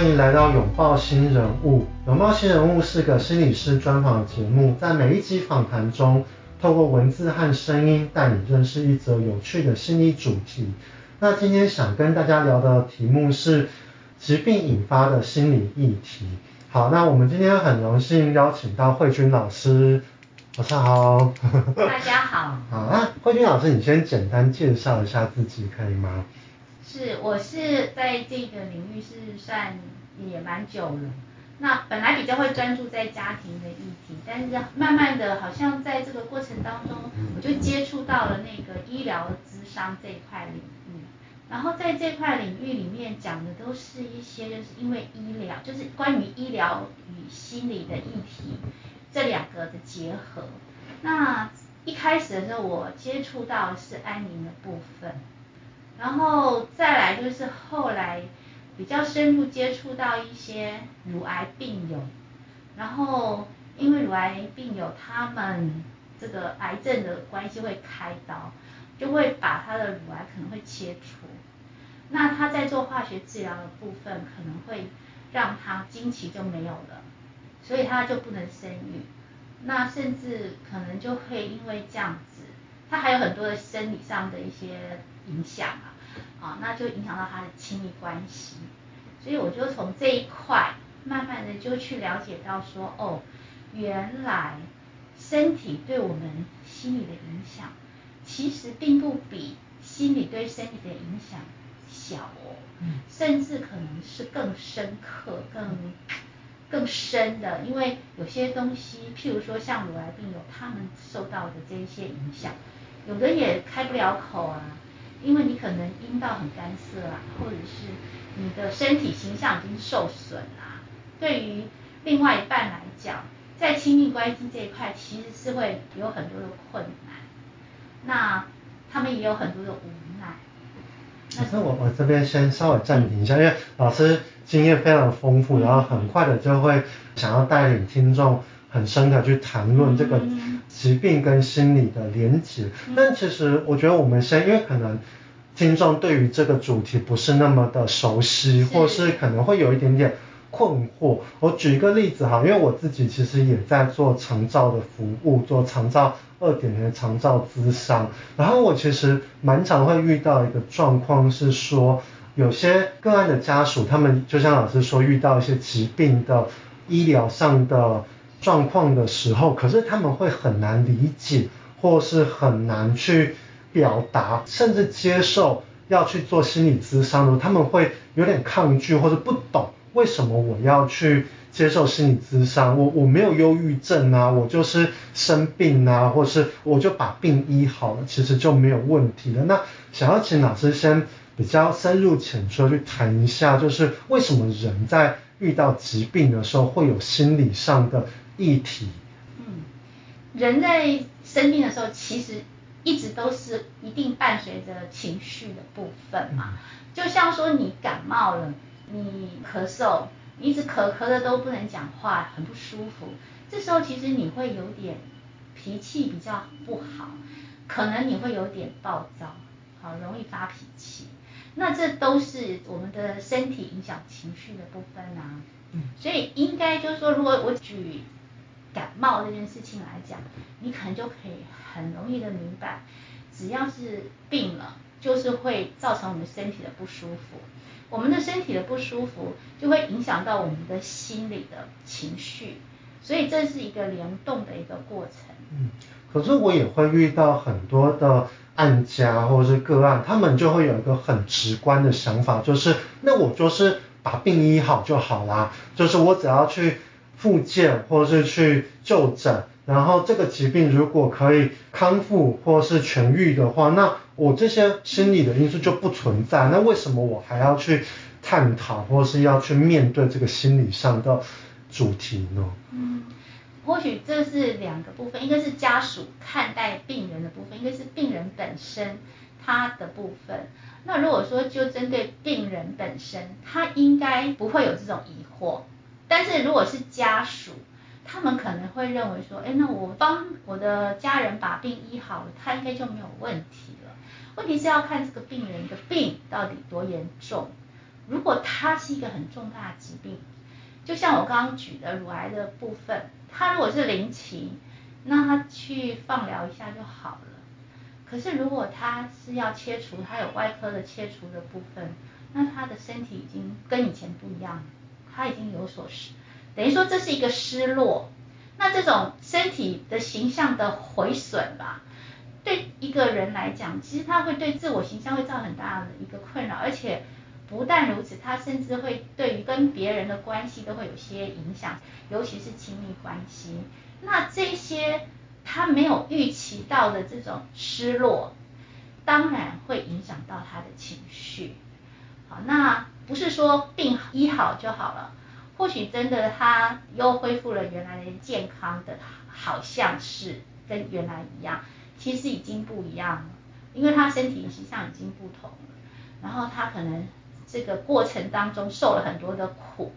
歡迎來到《擁抱心人物》。《擁抱心人物》是個心理師專訪節目，在每一集訪談中，透過文字和聲音帶你認識一則有趣的心理主題。那今天想跟大家聊的題目是疾病引發的心理議題。好，那我們今天很榮幸邀請到惠君老師，晚上好。 大家好。啊，惠君老師，你先簡單介紹一下自己，可以嗎？是，我是在這個領域是算，也蠻久了，那本來比較會專注在家庭的議題，但是慢慢的，好像在這個過程當中，我就接觸到了那個醫療諮商這塊領域，然後在這塊領域裡面講的都是一些，就是因為醫療，就是關於醫療與心理的議題，這兩個的結合。那一開始的時候我接觸到的是安寧的部分，然後再來就是後來。比較深入接觸到一些乳癌病友，然後因為乳癌病友他們這個癌症的關係會開刀，就會把他的乳癌可能會切除，那他在做化學治療的部分可能會讓他經期就沒有了，所以他就不能生育，那甚至可能就會因為這樣子，他還有很多的生理上的一些影響啊。啊、哦，那就影響到他的親密關係，所以我就從這一塊慢慢的就去了解到說，哦，原來身體對我們心理的影響，其實並不比心理對身體的影響小哦，嗯、甚至可能是更深刻、更更深的，因為有些東西，譬如說像乳癌病友，他們受到的這一些影響，有的也開不了口啊。因為你可能陰道很乾澀啊，或者是你的身體形象已經受損啦，對於另外一半來講，在親密關係這一塊其實是會有很多的困難，那他們也有很多的無奈。老師，我我這邊先稍微暫停一下，因為老師經驗非常豐富，嗯、然後很快的就會想要帶領聽眾很深的去談論這個，嗯疾病跟心理的連結，嗯、但其實我覺得我們先，因為可能聽眾對於這個主題不是那麼的熟悉，是或是可能會有一點點困惑。我舉一個例子哈，因為我自己其實也在做長照的服務，做長照二點零的長照諮商，然後我其實蠻常會遇到一個狀況是說，有些個案的家屬，他們就像老師說，遇到一些疾病的醫療上的。狀況的時候，可是他們會很難理解，或是很難去表達，甚至接受要去做心理諮商的，他們會有點抗拒，或者不懂為什麼我要去接受心理諮商。我我沒有憂鬱症啊，我就是生病啊，或是我就把病醫好了，其實就沒有問題了。那想要請老師先比較深入淺出去談一下，就是為什麼人在遇到疾病的時候會有心理上的。一體。嗯，人在生病的時候，其實一直都是一定伴隨着情緒的部分嘛。嗯。就像說你感冒了，你咳嗽，你一直咳咳的都不能講話，很不舒服。這時候其實你會有點脾氣比較不好，可能你會有點暴躁，好容易發脾氣。那這都是我們的身體影響情緒的部分啊。嗯，所以應該就是說，如果我舉。感冒這件事情來講，你可能就可以很容易的明白，只要是病了，就是會造成我們身體的不舒服，我們的身體的不舒服就會影響到我們的心理的情緒，所以這是一個聯動的一個過程。嗯，可是我也會遇到很多的案家或者是個案，他們就會有一個很直觀的想法，就是那我就是把病醫好就好啦，就是我只要去復健或是去就診，然後這個疾病如果可以康復或是痊癒的話，那我這些心理的因素就不存在。那為什麼我還要去探討或是要去面對這個心理上的主題呢？嗯，或許這是兩個部分，一個是家屬看待病人的部分，一個是病人本身他的部分。那如果說就針對病人本身，他應該不會有這種疑惑。但是如果是家屬，他們可能會認為說，哎，那我幫我的家人把病醫好了，他應該就沒有問題了。問題是要看這個病人的病到底多嚴重。如果他是一個很重大的疾病，就像我剛剛舉的乳癌的部分，他如果是零期，那他去放療一下就好了。可是如果他是要切除，他有外科的切除的部分，那他的身體已經跟以前不一樣了。他已經有所失，等於說這是一個失落。那這種身體的形象的毀損吧，對一個人來講，其實他會對自我形象會造成很大的一個困擾，而且不但如此，他甚至會對於跟別人的關係都會有些影響，尤其是親密關係。那這些他沒有預期到的這種失落，當然會影響到他的情緒。好，那。不是說病醫好就好了，或許真的他又恢復了原來的健康的，好像是跟原來一樣，其實已經不一樣了，因為他身體形象已經不同了。然後他可能這個過程當中受了很多的苦，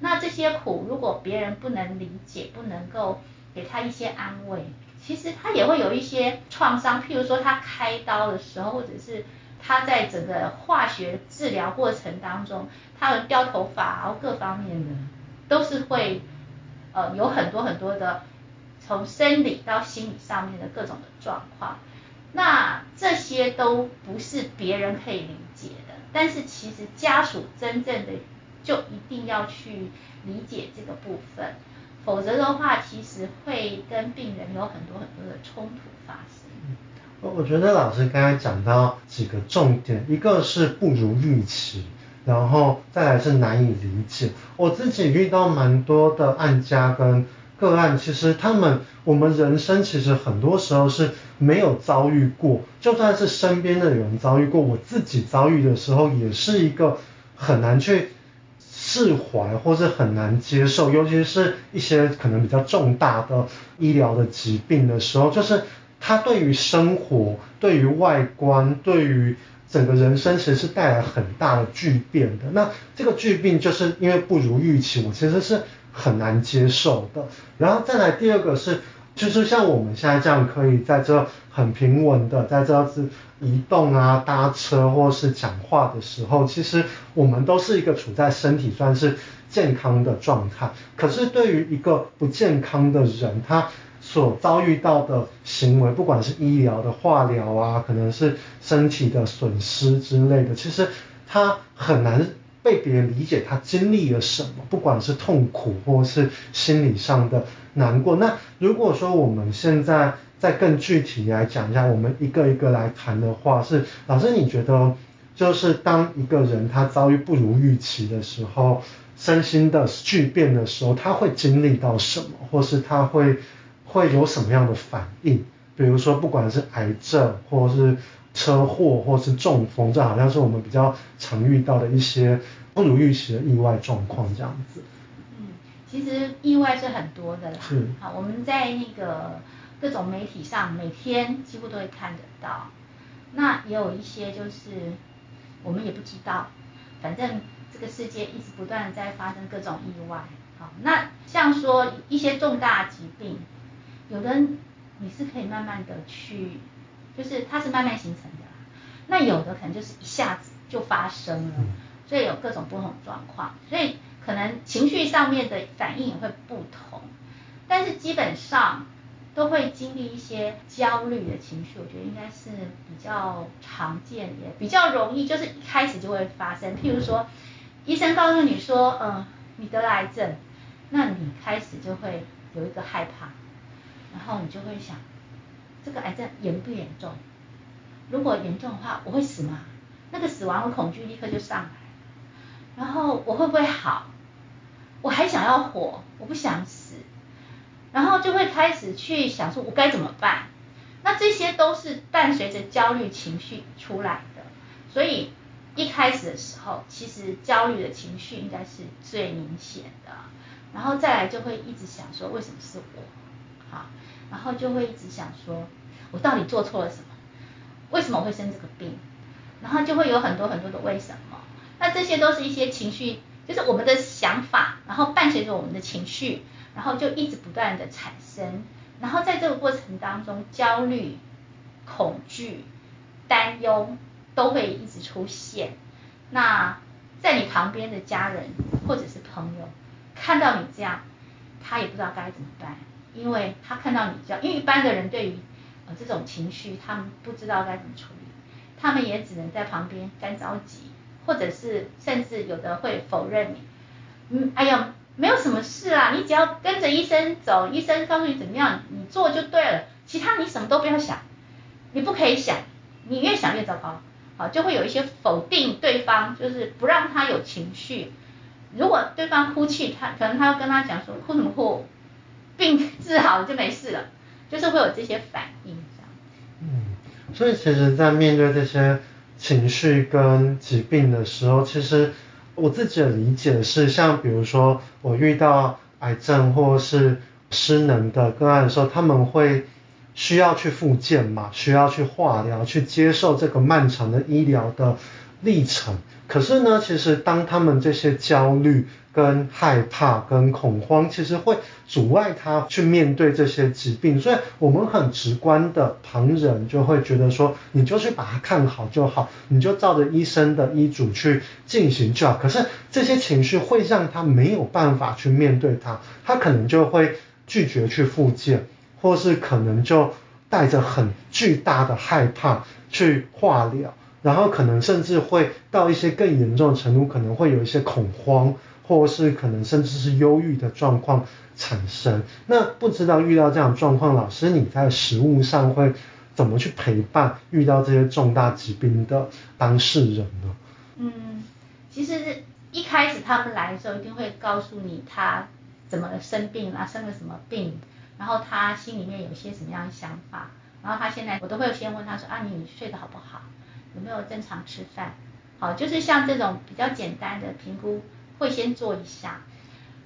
那這些苦如果別人不能理解，不能夠給他一些安慰，其實他也會有一些創傷。譬如說他開刀的時候，或者是。他在整個化學治療過程當中，他的掉頭髮，然後各方面的都是會，呃，有很多很多的，從生理到心理上面的各種的狀況，那這些都不是別人可以理解的，但是其實家屬真正的就一定要去理解這個部分，否則的話，其實會跟病人有很多很多的衝突發生。我覺得老師剛才講到幾個重點，一個是不如預期，然後再來是難以理解。我自己遇到蠻多的案家跟個案，其實他們，我們人生其實很多時候是沒有遭遇過，就算是身邊的人遭遇過，我自己遭遇的時候也是一個很難去釋懷或是很難接受，尤其是一些可能比較重大的醫療的疾病的時候，就是。他對於生活、對於外觀、對於整個人生，其實是帶來很大的巨變的。那這個巨變，就是因為不如預期，我其實是很難接受的。然後再來第二個是，就是像我們現在這樣，可以在這很平穩的在這樣子移動啊、搭車或是講話的時候，其實我們都是一個處在身體算是健康的狀態。可是對於一個不健康的人，他。所遭遇到的行為，不管是醫療的化療啊，可能是身體的損失之類的，其實他很難被別人理解他經歷了什麼，不管是痛苦或是心理上的難過。那如果說我們現在再更具體來講一下，我們一個一個來談的話是，是老師你覺得，就是當一個人他遭遇不如預期的時候，身心的巨變的時候，他會經歷到什麼，或是他會？會有什麼樣的反應？比如說，不管是癌症，或是車禍，或是中風，這好像是我們比較常遇到的一些不如預期的意外狀況，這樣子。嗯，其實意外是很多的啦。是好，我們在那個各種媒體上，每天幾乎都會看得到。那也有一些就是我們也不知道，反正這個世界一直不斷地在發生各種意外。好，那像說一些重大疾病。有的人你是可以慢慢的去，就是它是慢慢形成的啊，那有的可能就是一下子就發生了，所以有各種不同狀況，所以可能情緒上面的反應也會不同。但是基本上都會經歷一些焦慮的情緒，我覺得應該是比較常見也比較容易，就是一開始就會發生。譬如說醫生告訴你說，嗯、呃，你得了癌症，那你開始就會有一個害怕。然後你就會想，這個癌症嚴不嚴重？如果嚴重的話，我會死嗎？那個死亡的恐懼立刻就上來了。然後我會不會好？我還想要活，我不想死。然後就會開始去想說，我該怎麼辦？那這些都是伴隨着焦慮情緒出來的。所以一開始的時候，其實焦慮的情緒應該是最明顯的。然後再來就會一直想說，為什麼是我？好，然後就會一直想說，我到底做錯了什麼？為什麼我會生這個病？然後就會有很多很多的為什麼？那這些都是一些情緒，就是我們的想法，然後伴隨着我們的情緒，然後就一直不斷的產生。然後在這個過程當中，焦慮、恐懼、擔憂都會一直出現。那在你旁邊的家人或者是朋友看到你這樣，他也不知道該怎麼辦。因為他看到你這樣，因為一般的人對於呃、哦、這種情緒，他們不知道該怎麼處理，他們也只能在旁邊乾着急，或者是甚至有的會否認你，嗯，哎呀，沒有什麼事啦，啊，你只要跟着醫生走，醫生告訴你怎麼樣，你做就對了，其他你什麼都不要想，你不可以想，你越想越糟糕，好，哦，就會有一些否定對方，就是不讓他有情緒。如果對方哭泣，他可能他會跟他講說，哭什麼哭？病治好了，就沒事了，就是會有這些反應。嗯，所以其實，在面對這些情緒跟疾病的時候，其實我自己的理解是，像比如說我遇到癌症或是失能的個案的時候，他們會需要去復健嘛，需要去化療，去接受這個漫長的醫療的。歷程，可是呢，其實當他們這些焦慮、跟害怕、跟恐慌，其實會阻礙他去面對這些疾病。所以，我們很直觀的旁人就會覺得說，你就去把它看好就好，你就照着醫生的醫囑去進行就好。可是，這些情緒會讓他沒有辦法去面對他，他可能就會拒絕去復健，或是可能就帶着很巨大的害怕去化療。然後可能甚至會到一些更嚴重的程度，可能會有一些恐慌，或者是可能甚至是憂鬱的狀況產生。那不知道遇到這樣的狀況，老師你在實務上會怎麼去陪伴遇到這些重大疾病的當事人呢？嗯，其實一開始他們來的時候，一定會告訴你他怎麼生病了，啊，生了什麼病，然後他心裡面有些什麼樣的想法，然後他現在我都會先問他說啊，你睡得好不好？有沒有正常吃飯？好，就是像這種比較簡單的評估會先做一下，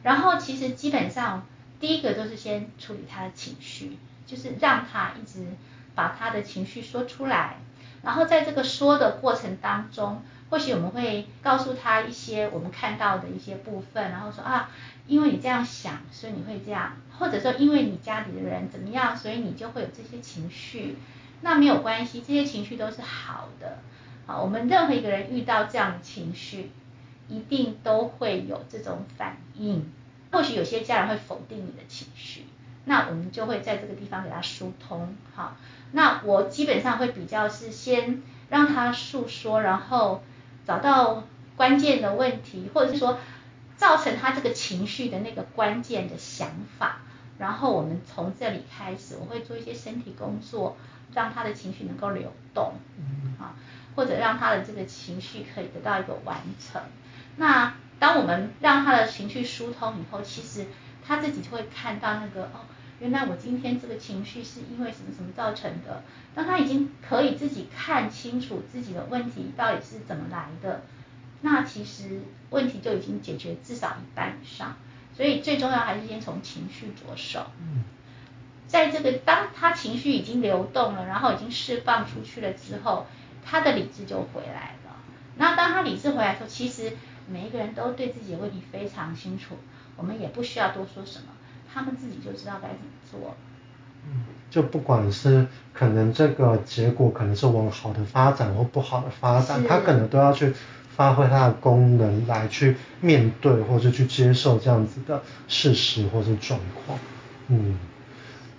然後其實基本上第一個就是先處理他的情緒，就是讓他一直把他的情緒說出來，然後在這個說的過程當中，或許我們會告訴他一些我們看到的一些部分，然後說啊，因為你這樣想，所以你會這樣，或者說因為你家裡的人怎麼樣，所以你就會有這些情緒。那沒有關係，這些情緒都是好的。啊，我們任何一個人遇到這樣的情緒，一定都會有這種反應。或許有些家人會否定你的情緒，那我們就會在這個地方給他疏通。好，那我基本上會比較是先讓他訴說，然後找到關鍵的問題，或者是說造成他這個情緒的那個關鍵的想法，然後我們從這裡開始，我會做一些身體工作。讓他的情緒能夠流動，啊，或者讓他的這個情緒可以得到一個完成。那當我們讓他的情緒疏通以後，其實他自己就會看到那個，哦，原來我今天這個情緒是因為什麼什麼造成的。當他已經可以自己看清楚自己的問題到底是怎麼來的，那其實問題就已經解決至少一半以上。所以最重要還是先從情緒着手。嗯在這個當他情緒已經流動了，然後已經釋放出去了之後，他的理智就回來了。那當他理智回來的時候，其實每一個人都對自己的問題非常清楚，我們也不需要多說什麼，他們自己就知道該怎麼做。嗯，就不管是可能這個結果可能是往好的發展或不好的發展，的他可能都要去發揮他的功能來去面對或者去接受這樣子的事實或是狀況。嗯。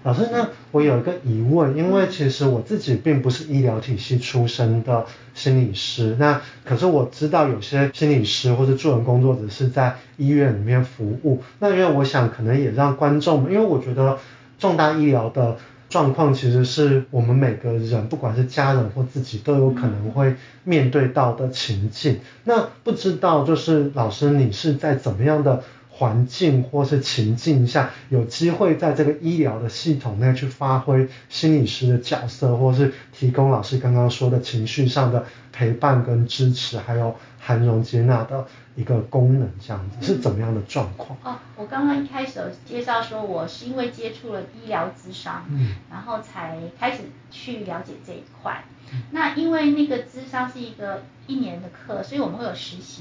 老師，那我有一個疑問，因為其實我自己並不是醫療體系出身的心理師，那可是我知道有些心理師或者助人工作者是在醫院裡面服務。那因為我想可能也讓觀眾，因為我覺得重大醫療的狀況，其實是我們每個人，不管是家人或自己，都有可能會面對到的情境。那不知道就是老師，你是在怎麼樣的？環境或是情境下，有機會在這個醫療的系統內去發揮心理師的角色，或是提供老師剛剛說的情緒上的陪伴跟支持，還有涵容接納的一個功能，這樣子是怎麼樣的狀況？嗯，哦，我剛剛一開始有介紹說，我是因為接觸了醫療諮商，嗯，然後才開始去了解這一塊。嗯、那因為那個諮商是一個一年的課，所以我們會有實習。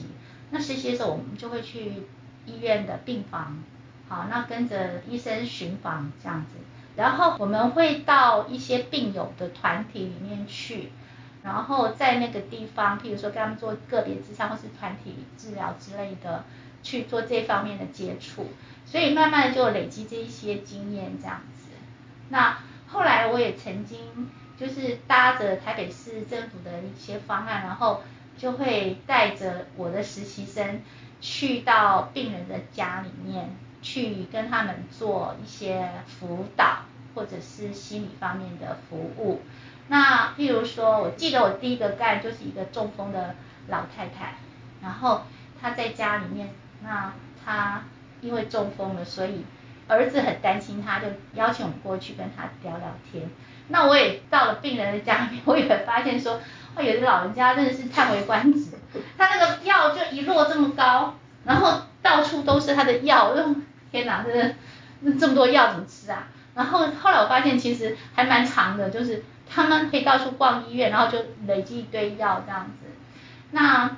那實習的時候，我們就會去，醫院的病房，好，那跟着醫生巡房這樣子，然後我們會到一些病友的團體裡面去，然後在那個地方，譬如說跟他們做個別諮商或是團體治療之類的，去做這方面的接觸，所以慢慢就累積這一些經驗這樣子。那後來我也曾經就是搭着台北市政府的一些方案，然後就會帶着我的實習生，去到病人的家裡面，去跟他們做一些輔導，或者是心理方面的服務。那譬如說，我記得我第一個幹就是一個中風的老太太，然後她在家裡面，那她因為中風了，所以兒子很擔心她，就邀請我過去跟她聊聊天。那我也到了病人的家裡面，我也發現說。有的老人家真的是嘆為觀止，他那個藥就一摞這麼高，然後到處都是他的藥，天哪，真的，那這麼多藥怎麼吃啊？然後後來我發現其實還蠻長的，就是他們可以到處逛醫院，然後就累積一堆藥這樣子。那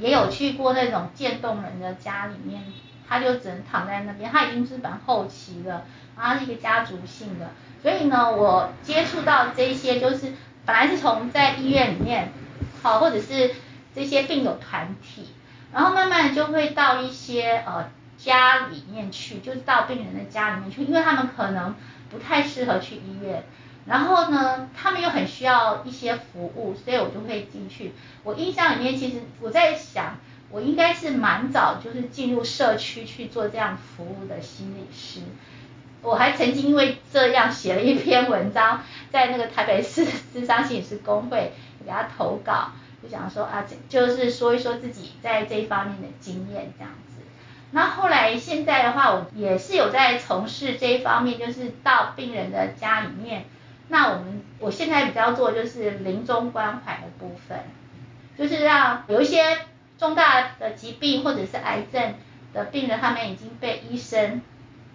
也有去過那種漸凍人的家裡面，他就只能躺在那邊，他已經是蠻後期了，然後他是一個家族性的，所以呢，我接觸到這一些就是。本來是從在醫院裡面，好，或者是這些病友團體，然後慢慢就會到一些呃家裡面去，就是到病人的家裡面去，因為他們可能不太適合去醫院，然後呢，他們又很需要一些服務，所以我就會進去。我印象裡面，其實我在想，我應該是蠻早就是進入社區去做這樣服務的心理師。我還曾經因為這樣寫了一篇文章，在那個台北市諮商心理師公會給他投稿，就想說啊，就是說一說自己在這一方面的經驗這樣子。那後,後來現在的話，我也是有在從事這一方面，就是到病人的家裡面。那我們我現在比較做就是臨終關懷的部分，就是讓有一些重大的疾病或者是癌症的病人，他們已經被醫生。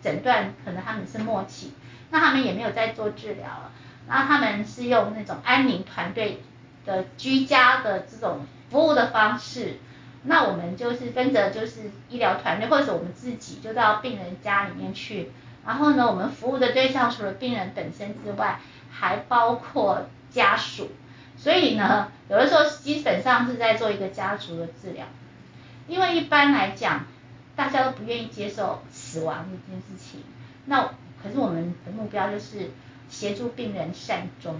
診斷可能他們是末期，那他們也沒有在做治療了，那他們是用那種安寧團隊的居家的這種服務的方式，那我們就是跟着就是醫療團隊，或者是我們自己就到病人家裡面去，然後呢，我們服務的對象除了病人本身之外，還包括家屬，所以呢，有的時候基本上是在做一個家族的治療，因為一般來講，大家都不願意接受。死亡這件事情，那可是我們的目標就是協助病人善終。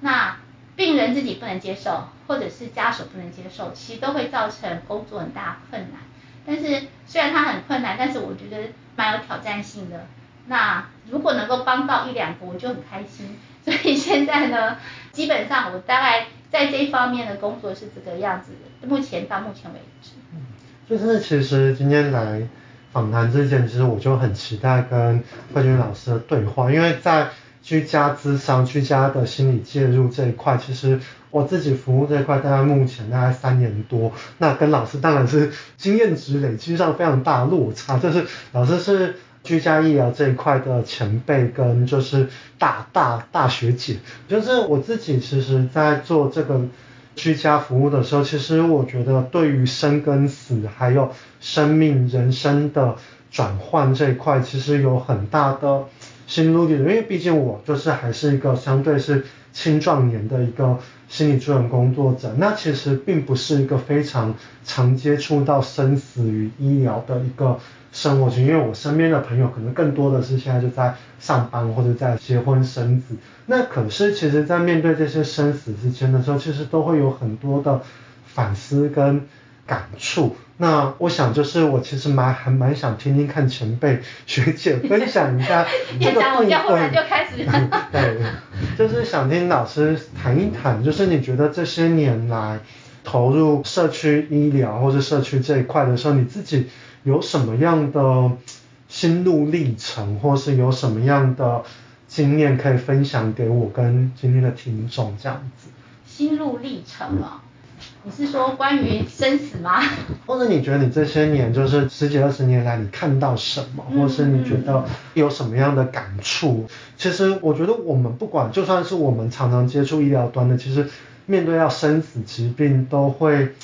那病人自己不能接受，或者是家屬不能接受，其實都會造成工作很大困難。但是雖然它很困難，但是我覺得蠻有挑戰性的。那如果能夠幫到一兩個，我就很開心。所以現在呢，基本上我大概在這一方面的工作是這個樣子，目前到目前為止。嗯，就是其實今天來。訪談之前，其實我就很期待跟惠君老師的對話，因為在居家諮商、居家的心理介入這一塊，其實我自己服務這一塊大概目前大概三年多，那跟老師當然是經驗值累積上非常大的落差，就是老師是居家醫療這一塊的前輩跟就是大大大學姐，就是我自己其實，在做這個。居家服務的時候，其實我覺得對於生跟死，還有生命人生的轉換這一塊，其實有很大的心路歷程。因為畢竟我就是還是一個相對是。青壯年的一個心理助人工作者，那其實並不是一個非常常接觸到生死與醫療的一個生活圈，因為我身邊的朋友可能更多的是現在就在上班或者在結婚生子。那可是其實，在面對這些生死之間的時候，其實都會有很多的反思跟。感觸，那我想就是我其實蠻還蠻想聽聽看前輩學姐分享一下， 這個不， 嗯、 對，就是想聽老師談一談，就是你覺得這些年來投入社區醫療或者是社區這一塊的時候，你自己有什麼樣的心路歷程，或是有什麼樣的經驗可以分享給我跟今天的聽眾這樣子？心路歷程啊、哦。你是說關於生死嗎？或者你覺得你這些年就是十幾二十年來，你看到什麼，嗯嗯、或是你覺得有什麼樣的感觸？其實我覺得我們不管，就算是我們常常接觸醫療端的，其實面對到生死疾病，都會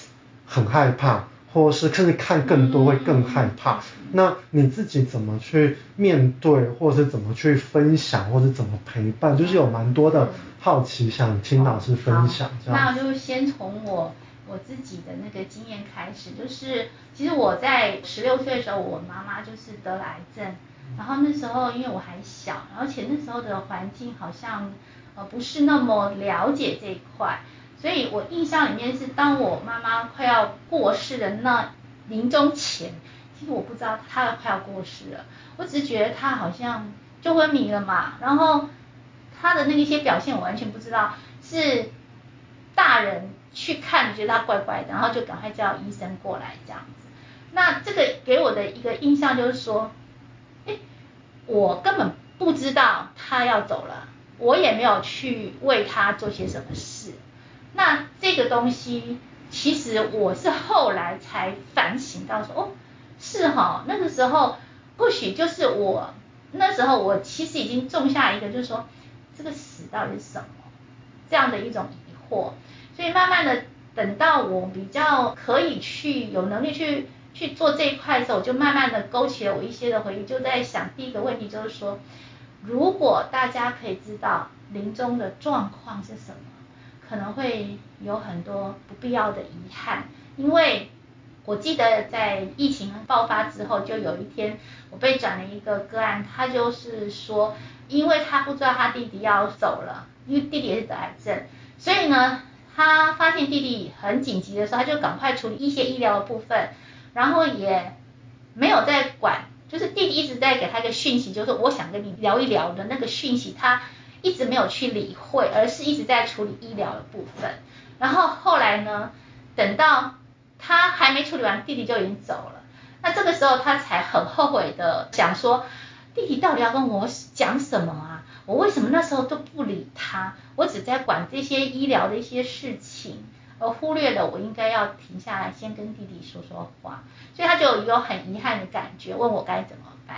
很害怕，或者是甚至看更多會更害怕。嗯那你自己怎麼去面對，或者是怎麼去分享，或者怎麼陪伴，就是有蠻多的好奇，嗯、想聽老師分享、哦、好、這樣。那就先從我我自己的那個經驗開始，就是其實我在十六歲的時候，我媽媽就是得了癌症，嗯、然後那時候因為我還小，而且那時候的環境好像呃不是那麼了解這一塊，所以我印象裡面是當我媽媽快要過世的那臨終前。其實我不知道他快要過世了，我只是覺得他好像就昏迷了嘛，然後他的那一些表現我完全不知道，是大人去看覺得他怪怪的，然後就趕快叫醫生過來這樣子。那這個給我的一個印象就是說，哎，我根本不知道他要走了，我也沒有去為他做些什麼事。那這個東西其實我是後來才反省到說，哦。是哈，那個時候或許就是我那時候，我其實已經種下一個，就是說這個死到底是什麼這樣的一種疑惑。所以慢慢的等到我比較可以去有能力去去做這一塊的時候，我就慢慢的勾起了我一些的回憶，就在想第一個問題就是說，如果大家可以知道臨終的狀況是什麼，可能會有很多不必要的遺憾，因為。我記得在疫情爆發之後，就有一天我被轉了一個個案，他就是說，因為他不知道他弟弟要走了，因為弟弟也是得癌症，所以呢，他發現弟弟很緊急的時候，他就趕快處理一些醫療的部分，然後也沒有再管，就是弟弟一直在給他一個訊息，就是我想跟你聊一聊的那個訊息，他一直沒有去理會，而是一直在處理醫療的部分，然後後來呢，等到。他還沒處理完，弟弟就已經走了。那這個時候他才很後悔的想說，弟弟到底要跟我講什麼啊？我為什麼那時候都不理他？我只在管這些醫療的一些事情，而忽略了我應該要停下來先跟弟弟說說話。所以他就有很遺憾的感覺，問我該怎麼辦。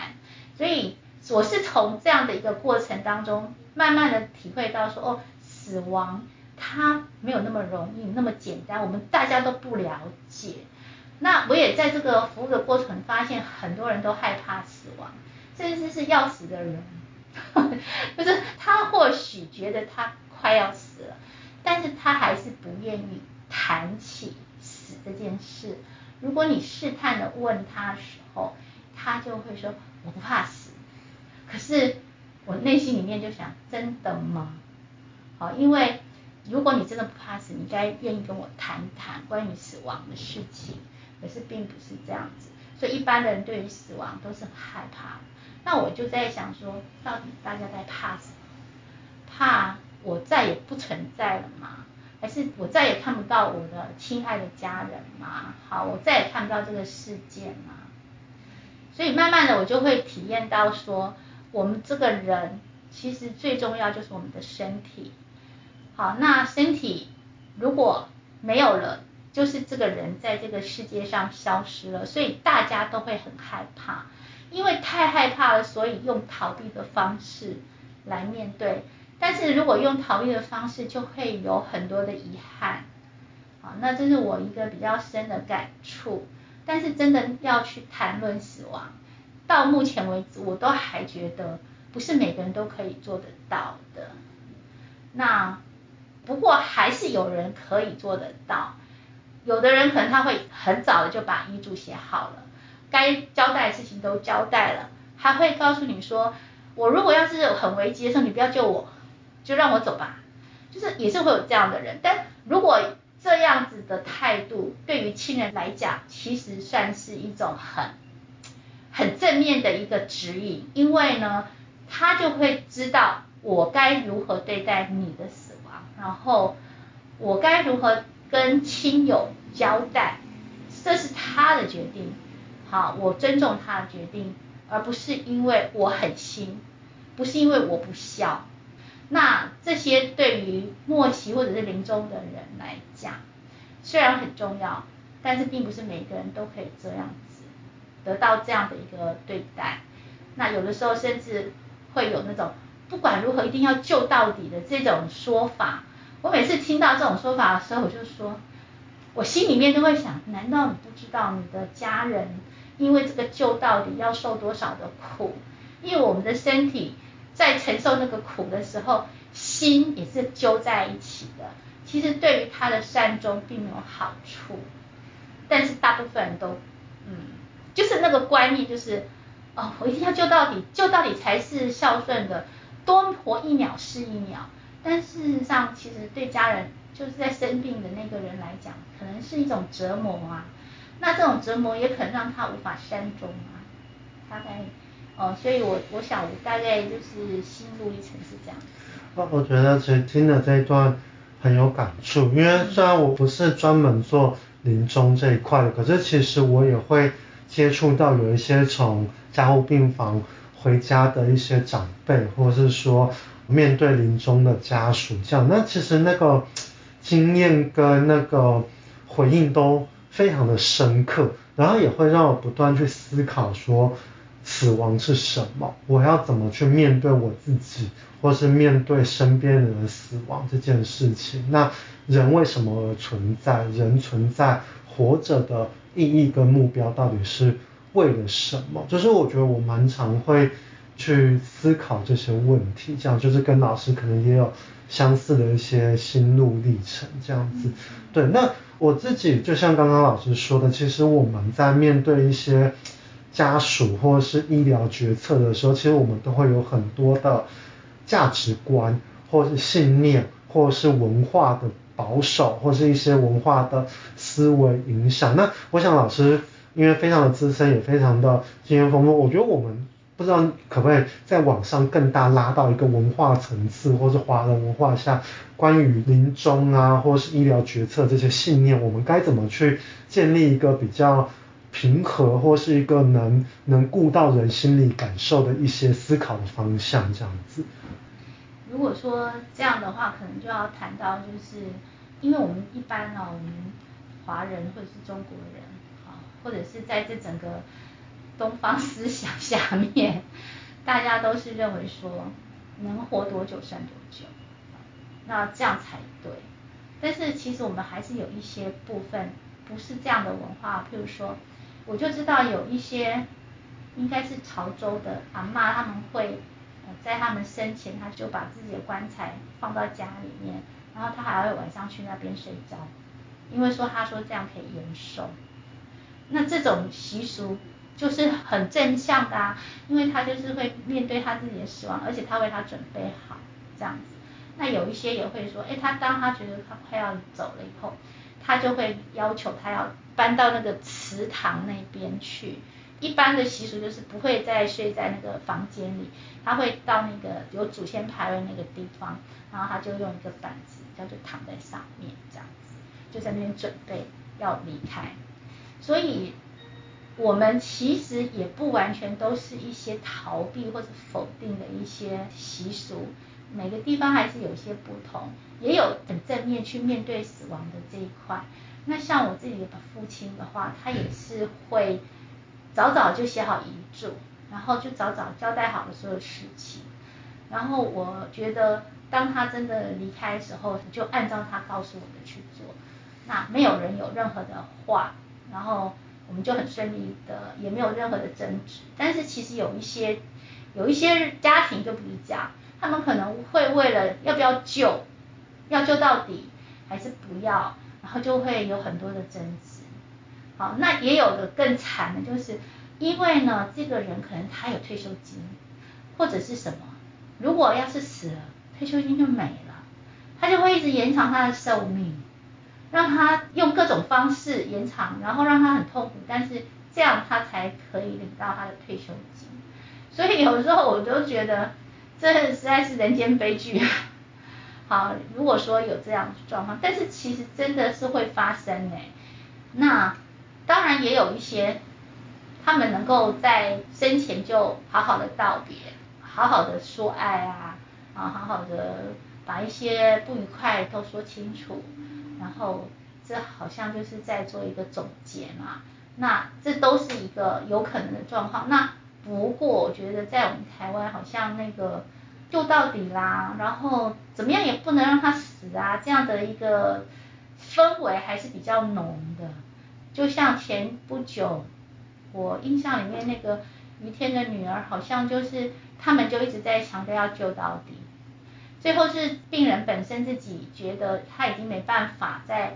所以我是從這樣的一個過程當中，慢慢的體會到說，哦，死亡。他沒有那麼容易那麼簡單，我們大家都不了解。那我也在這個服務的過程發現，很多人都害怕死亡，甚至是要死的人， 就是他或許覺得他快要死了，但是他還是不願意談起死這件事。如果你試探的問他的時候，他就會說：“我不怕死。”可是我內心裡面就想：“真的嗎？”好，因為。如果你真的不怕死，你該願意跟我談一談關於死亡的事情。可是並不是這樣子，所以一般人對於死亡都是很害怕的。那我就在想說，到底大家在怕什麼？怕我再也不存在了嗎？還是我再也看不到我的親愛的家人嗎？好，我再也看不到這個世界嗎？所以慢慢的我就會體驗到說，我們這個人其實最重要就是我們的身體。好，那身體如果沒有了，就是這個人在這個世界上消失了，所以大家都會很害怕。因為太害怕了，所以用逃避的方式來面對，但是如果用逃避的方式，就會有很多的遺憾。好，那這是我一個比較深的感觸，但是真的要去談論死亡，到目前為止，我都還覺得不是每個人都可以做得到的。那。不過還是有人可以做得到，有的人可能他會很早的就把遺囑寫好了，該交代的事情都交代了，還會告訴你說：“我如果要是有很危急的時候，你不要救我，就讓我走吧。”就是也是會有這樣的人，但如果這樣子的態度對於親人來講，其實算是一種很很正面的一個指引，因為呢，他就會知道我該如何對待你的死。然後我該如何跟親友交代？這是他的決定，好，我尊重他的決定，而不是因為我狠心，不是因為我不孝。那這些對於末期或者是臨終的人來講，雖然很重要，但是並不是每個人都可以這樣子得到這樣的一個對待。那有的時候甚至會有那種不管如何一定要救到底的這種說法。我每次聽到這種說法的時候，我就說，我心裡面都會想：難道你不知道你的家人因為這個救到底要受多少的苦？因為我們的身體在承受那個苦的時候，心也是揪在一起的。其實對於他的善終並沒有好處，但是大部分人都，嗯，就是那個觀念，就是哦，我一定要救到底，救到底才是孝順的，多活一秒是一秒。但事實上，其實對家人，就是在生病的那個人來講，可能是一種折磨啊。那這種折磨也可能讓他無法善終啊。大概，哦、呃，所以我我想，大概就是心路歷程是這樣。我我覺得其實聽了這一段很有感觸，因為雖然我不是專門做臨終這一塊的，可是其實我也會接觸到有一些從加護病房回家的一些長輩，或是說，面對臨終的家屬，這樣。那其實那個經驗跟那個回應都非常的深刻，然後也會讓我不斷去思考說，死亡是什麼，我要怎麼去面對我自己，或是面對身邊人的死亡這件事情。那人為什麼而存在？人存在活着的意義跟目標到底是為了什麼？就是我覺得我蠻常會。去思考這些問題，這樣就是跟老師可能也有相似的一些心路歷程，這樣子。對，那我自己就像剛剛老師說的，其實我們在面對一些家屬或是醫療決策的時候，其實我們都會有很多的價值觀，或是信念，或是文化的保守，或是一些文化的思維影響。那我想老師因為非常的資深，也非常的經驗豐富，我覺得我們。不知道可不可以再往上更大拉到一個文化層次，或是華人文化下關於臨終啊，或是醫療決策這些信念，我們該怎麼去建立一個比較平和，或是一個能能顧到人心裡感受的一些思考的方向這樣子。如果說這樣的話，可能就要談到就是，因為我們一般啊，我們華人或者是中國人，啊、或者是在這整個。東方思想下面，大家都是認為說能活多久算多久，那這樣才對。但是其實我們還是有一些部分不是這樣的文化，譬如說，我就知道有一些應該是潮州的阿嬤，他們會，在他們生前他就把自己的棺材放到家裡面，然後他還會晚上去那邊睡覺，因為說他說這樣可以延壽。那這種習俗。就是很正向的啊，因為他就是會面對他自己的死亡，而且他為他準備好這樣子。那有一些也會說，哎、欸，他當他覺得他快要走了以後，他就會要求他要搬到那個祠堂那邊去。一般的習俗就是不會再睡在那個房間裡，他會到那個有祖先牌的那個地方，然後他就用一個板子，他就躺在上面這樣子，就在那邊準備要離開。所以。我們其實也不完全都是一些逃避或者否定的一些習俗，每個地方還是有些不同，也有很正面去面對死亡的這一塊。那像我自己的父親的話，他也是會早早就寫好遺囑，然後就早早交代好了所有事情。然後我覺得，當他真的離開的時候，就按照他告訴我的去做。那沒有人有任何的話，然後。我們就很順利的，也沒有任何的爭執。但是其實有一些，有一些家庭就不是這樣，他們可能會為了要不要救，要救到底還是不要，然後就會有很多的爭執。好，那也有的更慘的就是，因為呢，這個人可能他有退休金，或者是什麼，如果要是死了，退休金就沒了，他就會一直延長他的壽命。讓他用各種方式延長，然後讓他很痛苦，但是這樣他才可以領到他的退休金。所以有時候我都覺得這實在是人間悲劇。好，如果說有這樣的狀況，但是其實真的是會發生哎。那當然也有一些，他們能夠在生前就好好的道別，好好的說愛啊，啊好好的把一些不愉快都說清楚。然後這好像就是在做一個總結嘛，那這都是一個有可能的狀況。那不過我覺得在我們台灣好像那個救到底啦，然後怎麼樣也不能讓他死啊，這樣的一個氛圍還是比較濃的。就像前不久我印象裡面那個余天的女兒，好像就是他們就一直在強調要救到底。最後是病人本身自己覺得他已經沒辦法再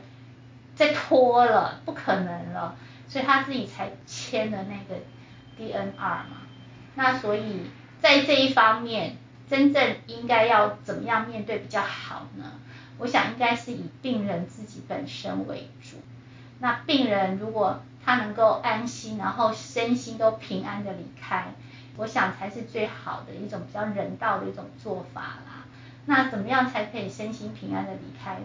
再拖了，不可能了，所以他自己才簽了那個 DNR 嘛。那所以在這一方面，真正應該要怎麼樣面對比較好呢？我想應該是以病人自己本身為主。那病人如果他能夠安心，然後身心都平安的離開，我想才是最好的一種比較人道的一種做法啦。那怎麼樣才可以身心平安的離開？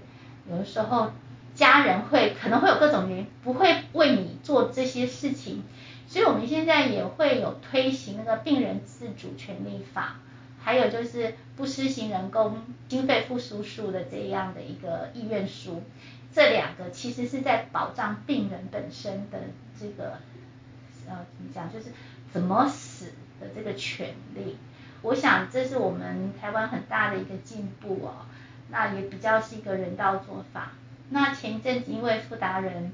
有的時候家人會可能會有各種原因，不會為你做這些事情，所以我們現在也會有推行那個病人自主權利法，還有就是不施行人工心肺復甦術的這樣的一個意願書，這兩個其實是在保障病人本身的這個呃怎麼講，就是怎麼死的這個權利。我想這是我們台灣很大的一個進步哦，那也比較是一個人道做法。那前一陣子因為傅達仁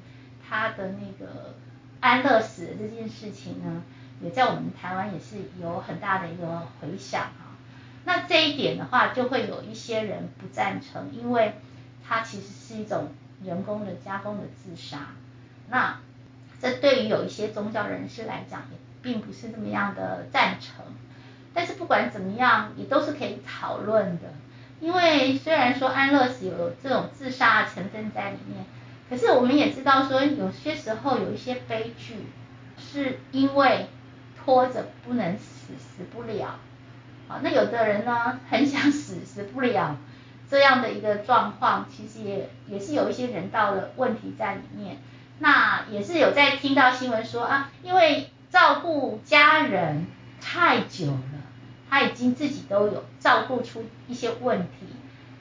他的那個安樂死的這件事情呢，也在我們台灣也是有很大的一個回響哈。那這一點的話，就會有一些人不贊成，因為他其實是一種人工的加工的自殺。那這對於有一些宗教人士來講，也並不是這麼樣的贊成。但是不管怎麼樣，也都是可以討論的。因為雖然說安樂死有這種自殺的成分在裡面，可是我們也知道說，有些時候有一些悲劇是因為拖着不能死，死不了。那有的人呢，很想死，死不了，這樣的一個狀況，其實也也是有一些人道的問題在裡面。那也是有在聽到新聞說啊，因為照顧家人太久了。他已經自己都有照顧出一些問題，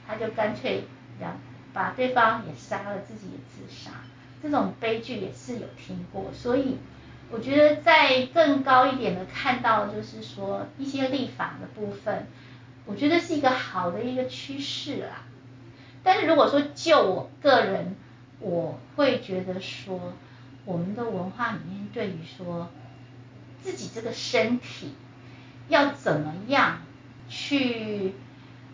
他就乾脆這樣把對方也殺了，自己也自殺。這種悲劇也是有聽過，所以我覺得在更高一點的看到，就是說一些立法的部分，我覺得是一個好的一個趨勢啦。但是如果說就我個人，我會覺得說，我們的文化裡面對於說自己這個身體。要怎麼樣去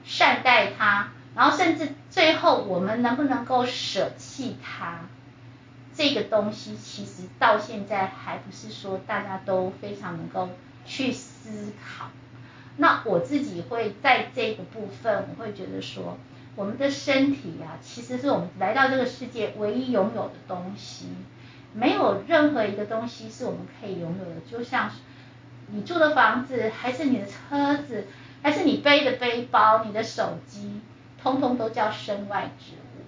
善待它，然後甚至最後我們能不能夠捨棄它這個東西，其實到現在還不是說大家都非常能夠去思考。那我自己會在這個部分，我會覺得說，我們的身體啊，其實是我們來到這個世界唯一擁有的東西，沒有任何一個東西是我們可以擁有的，就像是。你住的房子，還是你的車子，還是你背的背包，你的手機，通通都叫身外之物。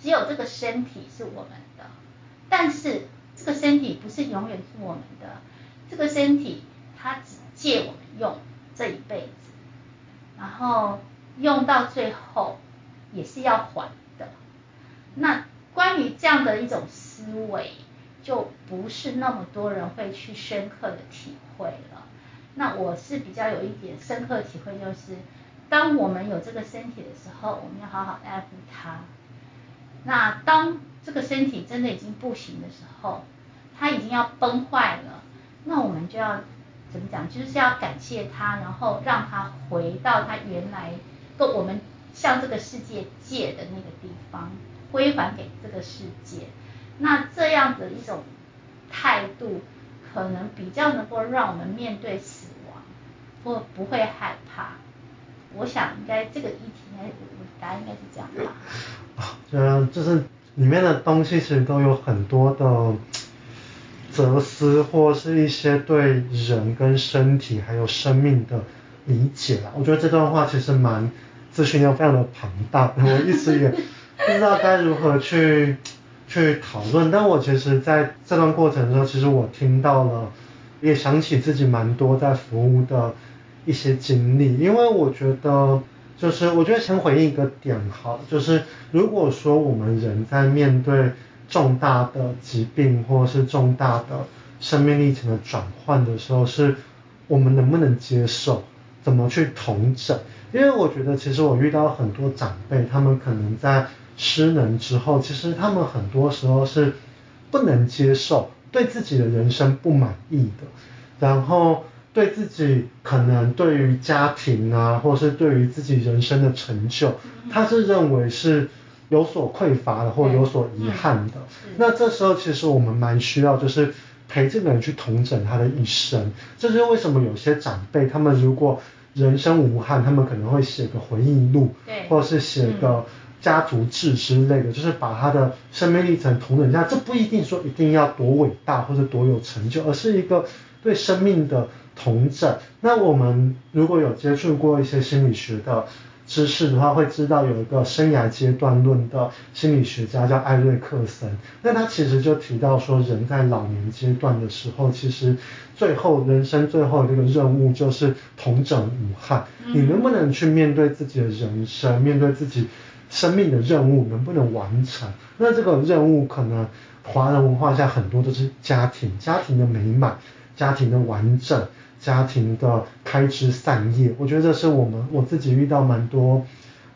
只有這個身體是我們的，但是這個身體不是永遠是我們的，這個身體它只借我們用這一輩子，然後用到最後也是要還的。那關於這樣的一種思維，就不是那麼多人會去深刻的體會了。那我是比較有一點深刻的體會，就是當我們有這個身體的時候，我們要好好愛護它。那當這個身體真的已經不行的時候，它已經要崩壞了，那我們就要怎麼講？就是要感謝它，然後讓它回到它原來跟我們向這個世界借的那個地方，歸還給這個世界。那這樣的一種態度，可能比較能夠讓我們面對死亡，或不會害怕。我想應該這個議題應該，應該回答應該是這樣的吧。呃、啊，就是裡面的東西其實都有很多的哲思，或是一些對人跟身體還有生命的理解。我覺得這段話其實蠻資訊量非常的龐大，我 一時也不知道該如何去。去討論，但我其實在這段過程的時候，其實我聽到了，也想起自己蠻多在服務的一些經歷，因為我覺得就是，我覺得先回應一個點哈，就是如果說我們人在面對重大的疾病或是重大的生命歷程的轉換的時候，是我們能不能接受，怎麼去統整？因為我覺得其實我遇到很多長輩，他們可能在。失能之後，其實他們很多時候是不能接受，對自己的人生不滿意的，然後對自己可能對於家庭啊，或者是對於自己人生的成就，他是認為是有所匱乏的或有所遺憾的。對那這時候其實我們蠻需要，就是陪這個人去統整他的一生。這，就是為什麼有些長輩，他們如果人生無憾，他們可能會寫個回憶錄，或是寫個。家族制之類的，就是把他的生命歷程統整一下，這不一定說一定要多偉大或者多有成就，而是一個對生命的統整。那我們如果有接觸過一些心理學的知識的話，會知道有一個生涯階段論的心理學家叫艾瑞克森。那他其實就提到說，人在老年階段的時候，其實最後人生最後這個任務就是統整無憾、嗯、你能不能去面對自己的人生，面對自己？生命的任務能不能完成？那這個任務可能華人文化下很多都是家庭，家庭的美滿，家庭的完整，家庭的開枝散葉。我覺得這是我們我自己遇到蠻多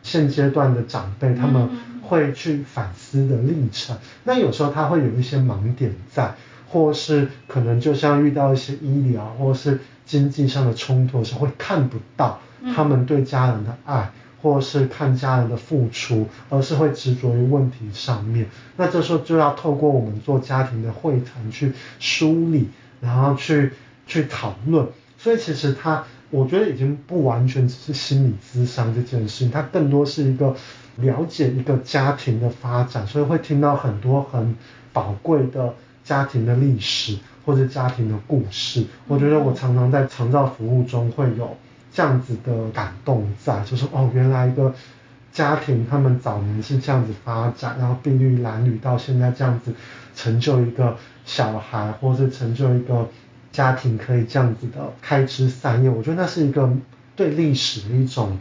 現階段的長輩他們會去反思的歷程。嗯、那有時候他會有一些盲點在，或是可能就像遇到一些醫療或是經濟上的衝突的時候，會看不到他們對家人的愛。或是看家人的付出，而是會執着於問題上面。那這時候就要透過我們做家庭的會談去梳理，然後去去討論。所以其實他，我覺得已經不完全只是心理諮商這件事情，它更多是一個了解一個家庭的發展。所以會聽到很多很寶貴的家庭的歷史或者家庭的故事。我覺得我常常在長照服務中會有。這樣子的感動在，就是哦，原來一個家庭他們早年是這樣子發展，然後篳路藍縷到現在這樣子成就一個小孩，或者是成就一個家庭可以這樣子的開枝散葉，我覺得那是一個對歷史的一種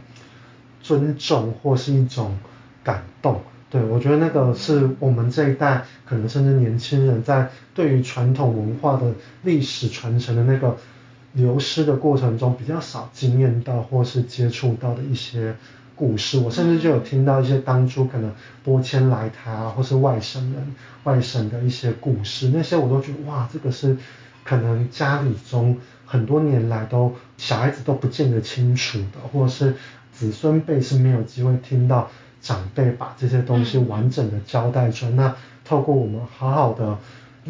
尊重或是一種感動。對，我覺得那個是我們這一代，可能甚至年輕人在對於傳統文化的歷史傳承的那個。流失的過程中比較少經驗到或是接觸到的一些故事，我甚至就有聽到一些當初可能播遷來台，或是外省人外省的一些故事，那些我都覺得哇，這個是可能家裡中很多年來都小孩子都不見得清楚的，或是子孫輩是沒有機會聽到長輩把這些東西完整的交代出來。那透過我們好好的。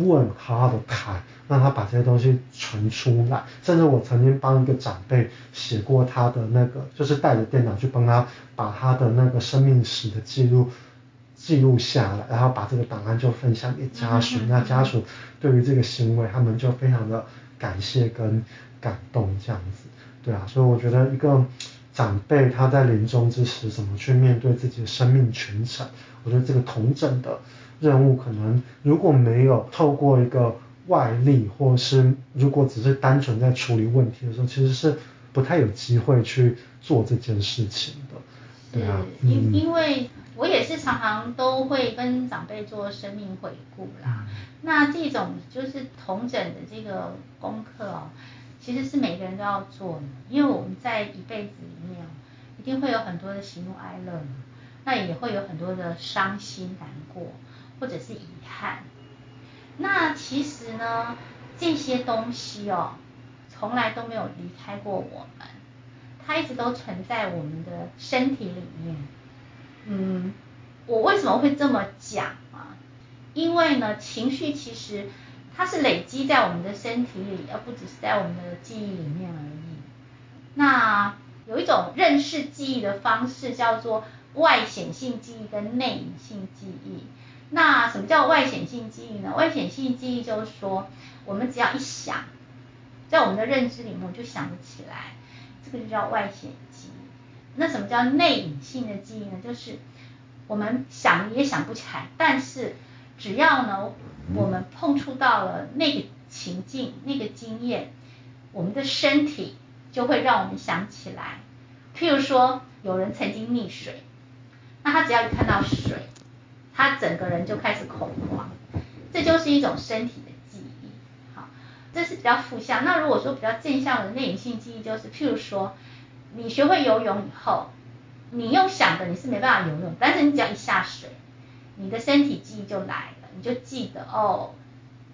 問好好的談，讓他把這些東西傳出來。甚至我曾經幫一個長輩寫過他的那個，就是帶着電腦去幫他把他的那個生命史的記錄記錄下來，然後把這個檔案就分享給家屬。那家屬對於這個行為，他們就非常的感謝跟感動這樣子。對啊，所以我覺得一個長輩他在臨終之時怎麼去面對自己的生命全程，我覺得這個統整的。任務可能如果沒有透過一個外力，或是如果只是單純在處理問題的時候，其實是不太有機會去做這件事情的，是對啊，因、嗯、因為，我也是常常都會跟長輩做生命回顧啦。嗯、那這種就是統整的這個功課哦、喔，其實是每個人都要做的，因為我們在一輩子裡面、喔，一定會有很多的喜怒哀樂，那也會有很多的傷心難過，或者是遺憾，那其實呢，這些東西哦，從來都沒有離開過我們，它一直都存在我們的身體裡面。嗯，我為什麼會這麼講啊？因為呢，情緒其實它是累積在我們的身體裡，而不只是在我們的記憶裡面而已。那有一種認識記憶的方式，叫做外顯性記憶跟內隱性記憶。那什麼叫外顯性記憶呢？外顯性記憶就是說，我們只要一想，在我們的認知裡面，我就想得起來，這個就叫外顯記憶。那什麼叫內隱性的記憶呢？就是我們想也想不起來，但是只要呢，我們碰觸到了那個情境、那個經驗，我們的身體就會讓我們想起來。譬如說，有人曾經溺水，那他只要一看到水，他整個人就開始恐慌，這就是一種身體的記憶，好，這是比較負向。那如果說比較正向的內隱性記憶，就是譬如說，你學會游泳以後，你用想的你是沒辦法游泳，但是你只要一下水，你的身體記憶就來了，你就記得哦，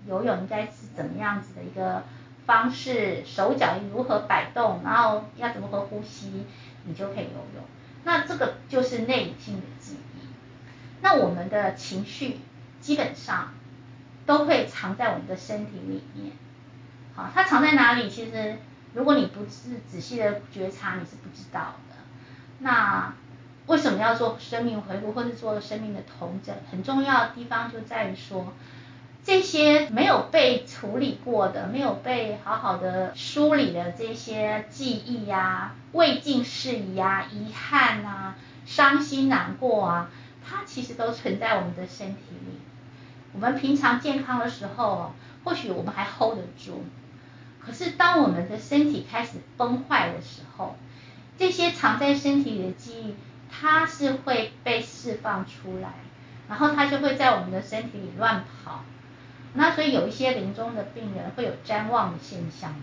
游泳應該是怎麼樣子的一個方式，手腳如何擺動，然後要怎麼個呼吸，你就可以游泳。那這個就是內隱性的記憶。那我們的情緒基本上都會藏在我們的身體裡面，好，它藏在哪裡？其實如果你不是仔細的覺察，你是不知道的。那為什麼要做生命回顧，或是做生命的統整？很重要的地方就在於說，這些沒有被處理過的、沒有被好好的梳理的這些記憶呀、啊、未盡事宜啊、遺憾啊、傷心難過啊。它其實都存在我們的身體裡。我們平常健康的時候，或許我們還 hold 得住。可是當我們的身體開始崩壞的時候，這些藏在身體裡的記憶，它是會被釋放出來，然後它就會在我們的身體裡亂跑。那所以有一些臨終的病人會有譫妄的現象，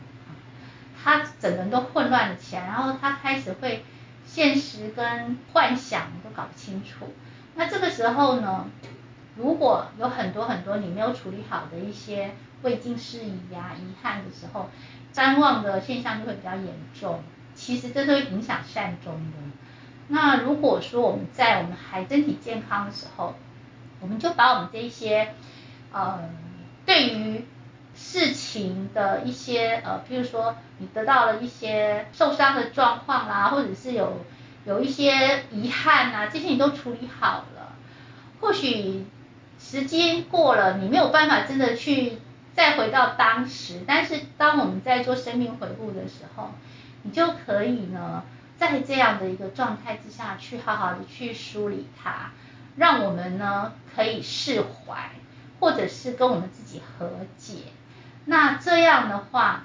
他整個人都混亂了起來，然後他開始會現實跟幻想都搞不清楚。那這個時候呢，如果有很多很多你沒有處理好的一些未盡事宜呀、啊、遺憾的時候，譫妄的現象就會比較嚴重，其實這都會影響善終的。那如果說我們在我們還身體健康的時候，我們就把我們這一些呃對於事情的一些呃，比如說你得到了一些受傷的狀況啦，或者是有。有一些遺憾吶、啊，這些你都處理好了。或許時間過了，你沒有辦法真的去再回到當時。但是當我們在做生命回顧的時候，你就可以呢，在這樣的一個狀態之下去好好的去梳理它，讓我們呢可以釋懷，或者是跟我們自己和解。那這樣的話，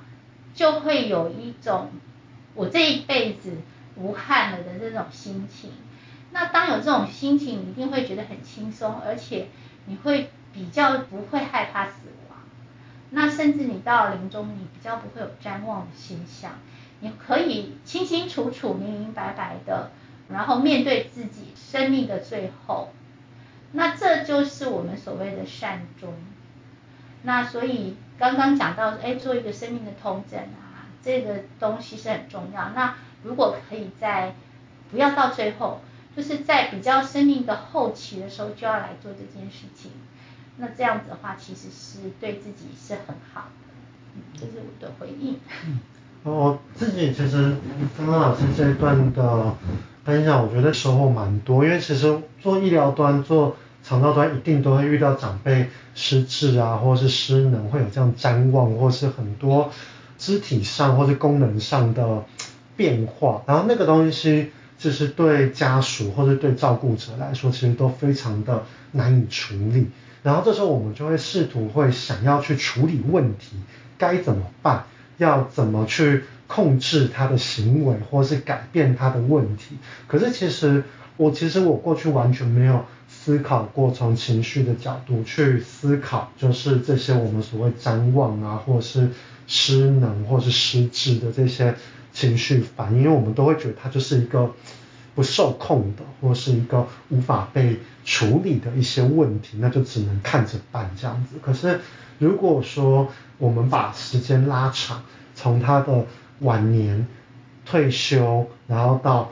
就會有一種我這一輩子。無憾了的這種心情，那當有這種心情，你一定會覺得很輕鬆，而且你會比較不會害怕死亡，那甚至你到了臨終，你比較不會有譫妄的現象，你可以清清楚楚、明明白白的，然後面對自己生命的最後，那這就是我們所謂的善終。那所以剛剛講到，哎，做一個生命的統整啊，這個東西是很重要。那如果可以在不要到最後，就是在比較生命的後期的時候就要來做這件事情，那這樣子的話其實是對自己是很好的。這、嗯，就是我的回應。嗯、我自己其實剛剛老師這一段的分享，我覺得收穫蠻多，因為其實做醫療端、做長照端，一定都會遇到長輩失智啊，或者是失能，會有這樣譫妄，或是很多肢體上或是功能上的。變化，然後那個東西就是對家屬或者對照顧者來說，其實都非常的難以處理。然後這時候我們就會試圖會想要去處理問題，該怎麼辦？要怎麼去控制他的行為，或是改變他的問題？可是其實我其實我過去完全沒有思考過，從情緒的角度去思考，就是這些我們所謂譫妄啊，或是。失能或是失智的這些情緒反應，因為我們都會覺得他就是一個不受控的，或是一個無法被處理的一些問題，那就只能看着辦這樣子。可是如果說我們把時間拉長，從他的晚年退休，然後到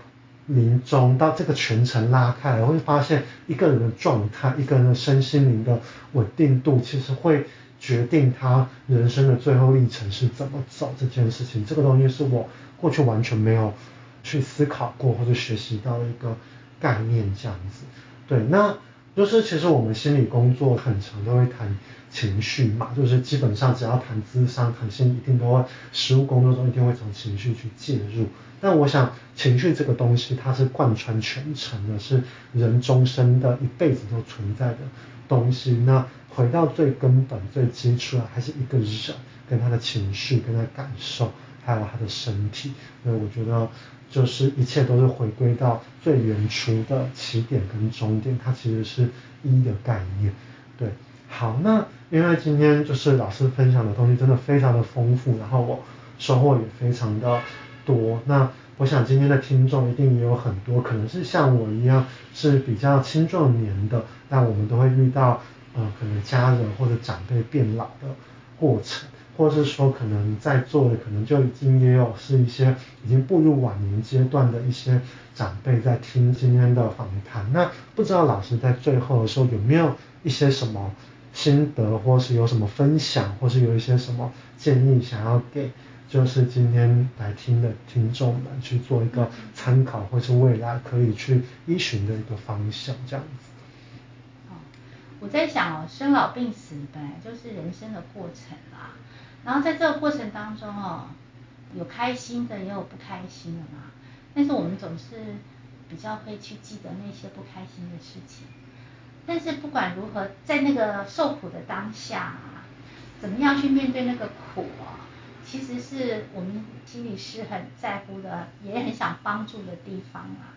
臨終，到這個全程拉開來，我會發現一個人的狀態，一個人的身心靈的穩定度，其實會決定他人生的最後歷程是怎麼走這件事情，這個東西是我過去完全沒有去思考過或者學習到的一個概念這樣子。對，那就是其實我們心理工作很常都會談情緒嘛，就是基本上只要談諮商談心，一定都會實務工作中一定會從情緒去介入。但我想情緒這個東西它是貫穿全程的，是人終身的一輩子都存在的。東西，那回到最根本、最基礎的，還是一個人跟他的情緒、跟他的感受，還有他的身體。所以我覺得就是一切都是回歸到最原初的起點跟終點，它其實是一的概念。對，好，那因為今天就是老師分享的東西真的非常的豐富，然後我收穫也非常的多。那我想今天的聽眾一定也有很多，可能是像我一樣是比較青壯年的，但我們都會遇到呃，可能家人或者長輩變老的過程，或者是說可能在座的可能就已經也有是一些已經步入晚年階段的一些長輩在聽今天的訪談。那不知道老師在最後的時候有沒有一些什麼心得，或是有什麼分享，或是有一些什麼建議想要給？就是今天來聽的聽眾們去做一個參考，或是未來可以去依循的一個方向，這樣子。哦，我在想哦，生老病死本來就是人生的過程啊，然後在這個過程當中哦，有開心的，也有不開心的嘛。但是我們總是比較會去記得那些不開心的事情。但是不管如何，在那個受苦的當下啊，怎麼樣去面對那個苦啊？其實是我們心理師很在乎的，也很想幫助的地方啊。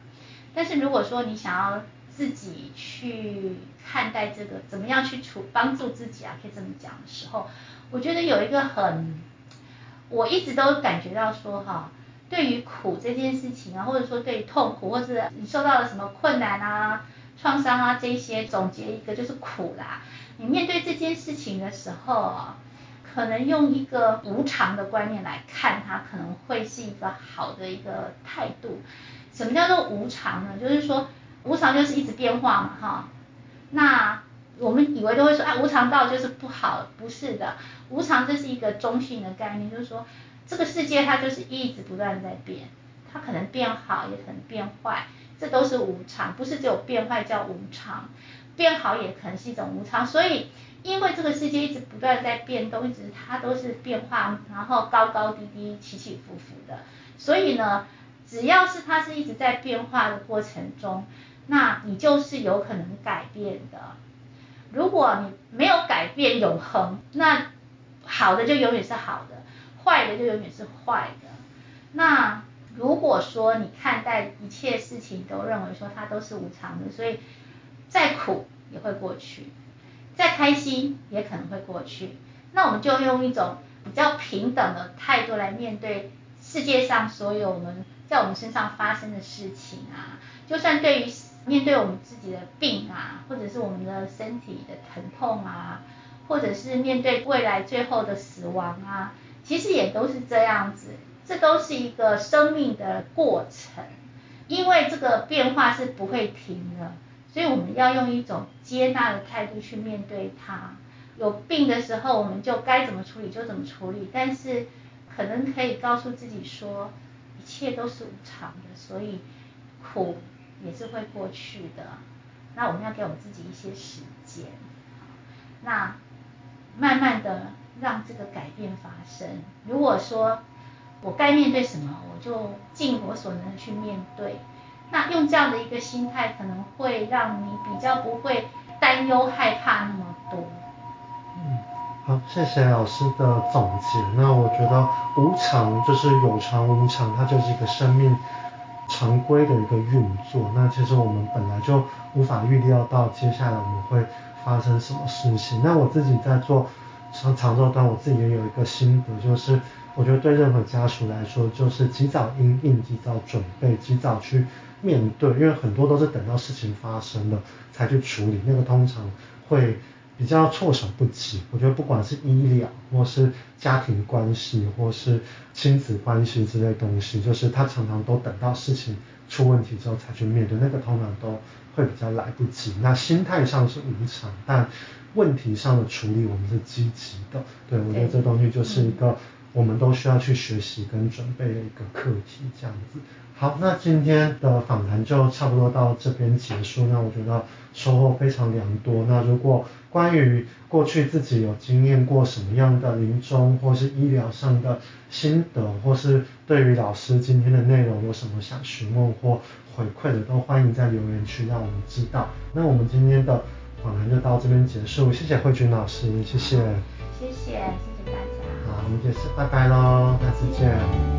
但是如果說你想要自己去看待這個，怎麼樣去處幫助自己啊？可以這麼講的時候，我覺得有一個很，我一直都感覺到說哈、啊，對於苦這件事情啊，或者說對於痛苦，或者是你受到了什麼困難啊、創傷啊這些，總結一個就是苦啦。你面對這件事情的時候、啊。可能用一個無常的觀念來看，它可能會是一個好的一個態度。什麼叫做無常呢？就是說，無常就是一直變化嘛，哈。那我們以為都會說，哎，無常道就是不好，不是的。無常這是一個中性的概念，就是說，這個世界它就是一直不斷在變，它可能變好，也可能變壞，這都是無常，不是只有變壞叫無常。變好也可能是一種無常，所以因為這個世界一直不斷在變動，一直它都是變化，然後高高低低、起起伏伏的。所以呢，只要是它是一直在變化的過程中，那你就是有可能改變的。如果你沒有改變永恆，那好的就永遠是好的，壞的就永遠是壞的。那如果說你看待一切事情都認為說它都是無常的，所以，再苦也會過去，再開心也可能會過去。那我們就用一種比較平等的態度來面對世界上所有我們在我們身上發生的事情啊。就算對於面對我們自己的病啊，或者是我們的身體的疼痛啊，或者是面對未來最後的死亡啊，其實也都是這樣子。這都是一個生命的過程，因為這個變化是不會停的。所以我們要用一種接納的態度去面對它。有病的時候，我們就該怎麼處理就怎麼處理。但是可能可以告訴自己說，一切都是無常的，所以苦也是會過去的。那我們要給我們自己一些時間，那慢慢的讓這個改變發生。如果說我該面對什麼，我就盡我所能的去面對。那用這樣的一個心態，可能會讓你比較不會擔憂、害怕那麼多。嗯，好，謝謝老師的總結。那我覺得無常就是有常，無常它就是一個生命常規的一個運作。那其實我們本來就無法預料到接下來我們會發生什麼事情。那我自己在做。常常州端我自己也有一個心得，就是我覺得對任何家屬來說，就是及早因應，及早準備，及早去面對，因為很多都是等到事情發生了才去處理，那個通常會比較措手不及。我覺得不管是醫療，或是家庭關係，或是親子關係之類的東西，就是他常常都等到事情出問題之後才去面對，那個通常都。會比較來不及。那心態上是無常，但問題上的處理，我們是積極的。對，我覺得這東西就是一個我們都需要去學習跟準備的一個課題，這樣子。好，那今天的訪談就差不多到這邊結束。那我覺得收穫非常良多。那如果關於過去自己有經驗過什麼樣的臨終或是醫療上的心得，或是對於老師今天的內容有什麼想詢問或？回饋的都歡迎在留言區讓我們知道。那我們今天的訪談就到這邊結束，謝謝惠君老師，謝謝，謝謝，謝謝大家。好，我們就是拜拜嘍，下次見。拜拜。